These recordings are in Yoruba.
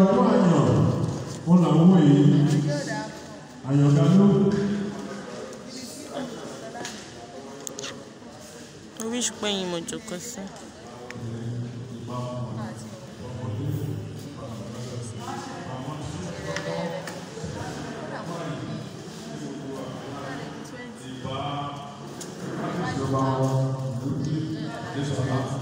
ọ̀pọ̀ àyọ̀ wọn làwọn èyí àyọ̀ká ló. oríṣi pẹ́yìn mo jókòó sí. Thank you.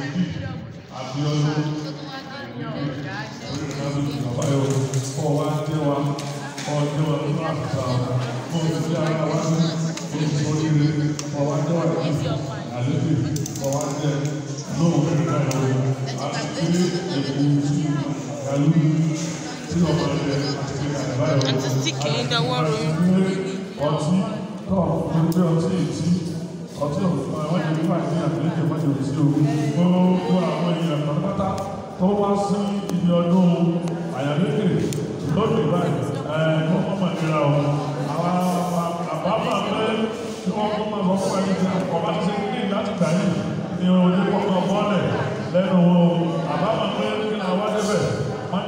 òbí Abíọ́dún olùdarí ìjọbayọ kọ wá dé wa kọ dé wa nínú àbùkà kó o fi ara wa ní oṣù oríire kọ wá dé wa ní àlejò kọ wá dé lóhùn nípa ìwé àti pé èkó pẹ̀lú tí ọmọ rẹ àti àbáyọ àti tí kì í dáwọ́ ronú. ọtí tó ọkùnrin gbé ọtí ìtí ọtí ọ̀fun àwọn ènìyàn wà ní àgbélẹ̀jẹ̀ mọ́jọ.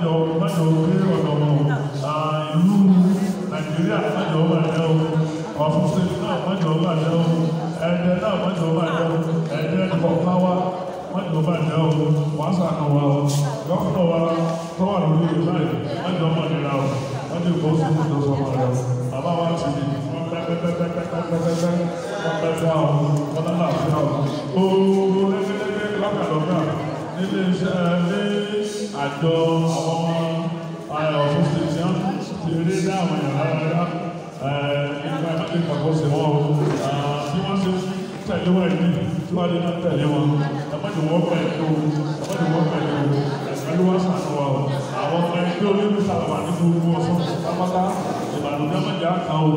lọ má lọ gbé ọ̀nà ọmọ ìlú nàìjíríà má lọ wà lẹ́ o ọ̀fun sẹ́yìn náà má lọ wà lẹ́ o ẹ̀ẹ́dẹ́ náà má lọ wà lẹ́ o ẹ̀ẹ́dẹ́ ìfọ̀pá wa má lọ wà lẹ́ o wàá sànù wa o lọ́kùnrin wa tó wà lórí ìbáyìí má lọ wà lẹ́ra o wọ́n ti bọ́ sí ìlú sọ́mọ rẹ o bàbá wa ti di wọ́n pẹ́ pẹ́ pẹ́ pẹ́ pẹ́ pẹ́ pẹ́ pẹ́ wọ́n pẹ́ fẹ́ àwọn wọ́n lọ́la fẹ́ àwọn ooo lẹ́gbẹ́lẹ́gbẹ́ lọ́kàlọ́kà nílé iṣẹ́ ní àjọ àwọn ọmọ eh, ọ̀fun ṣèṣán ti rí dá àwọn èèyàn lára eh, nípa ìmọ̀lẹ́ ìkàkọ́sẹ̀ wọn o ah, bí wọ́n ṣe tẹ̀lé wọn yìí tí wọ́n lè náà tẹ̀lé wọn ẹ̀mọ́dé wọ́n pẹ̀lú ẹ̀mọ́dé wọ́n pẹ̀lú ẹ̀mọ́dé wọ́n sànù wa o àwọn ọmọ ẹgbẹ́ orí mi sàlùwà ní gbogbo ọ̀sán pátápátá ìbànújẹ́ mẹ́jọ kan o.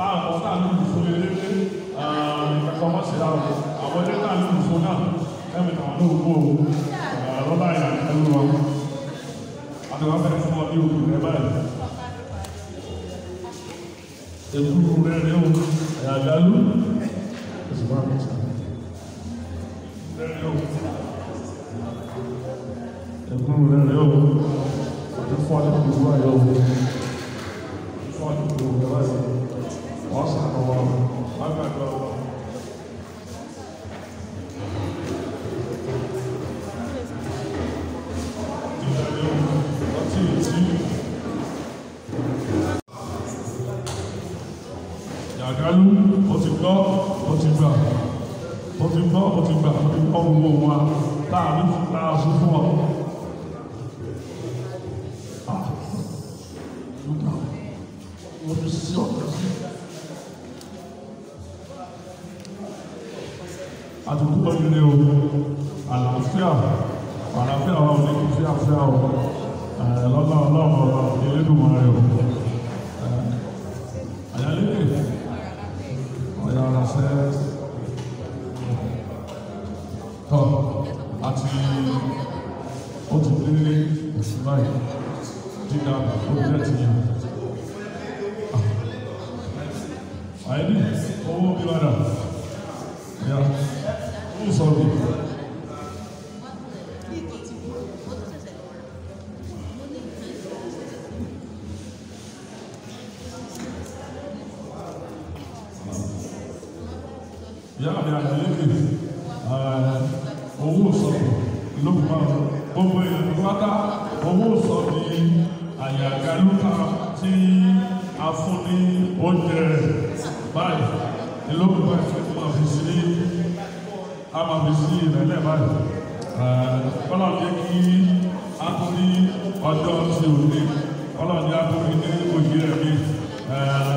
táwọn ọmọ náà lù fún mi lélẹ ìfẹ̀kọ́ ọmọ sí láwọn àwọn ilé náà lù fún náà ẹ̀mí náà ló kú o lọ́ba ìyá ẹ̀lú wọn àti wọn fẹ́ẹ́ fún wọn ní òkú rẹ báyìí. Èkúrú rẹ̀ ni ó àyàgbálú. Èkúrú rẹ̀ ni ó àti fún àdéhùn ìwà yọ̀. ìyàgálú ó ti gbọ́ ó ti gbà ó ti gbọ́ ó ti gbà ó ti kọ́ gbogbo you àtúntò nílé o àlàáfíà àlàáfíà wa ní kìí àfíà o lọ́nà ọlọ́run ọba Elédùmarè o àyálẹ́lẹ́ ọ̀yà ọ̀làṣẹ tọ́ àti ó ti délé oṣù báyìí dídá òbílẹ̀ ti yàn. Ah. àyẹ̀lẹ́ owó bí wàdà. Who's on people? Yeah, I mean, I believe o Uh, owó sọ̀rọ̀ ló mú a gbogbo ìlú pátá owó sọ̀rọ̀ ní a fún ní oúnjẹ báyìí ló mú àwọn ìfẹ́ máa fi sí ní a máa fi sí ìrẹ̀lẹ̀ báyìí eh, ọlọ́run jẹ́ kí a tún ní ọjọ́ sí òní ọlọ́run jẹ́ a tún fi ní òye rẹ̀ mi. Eh,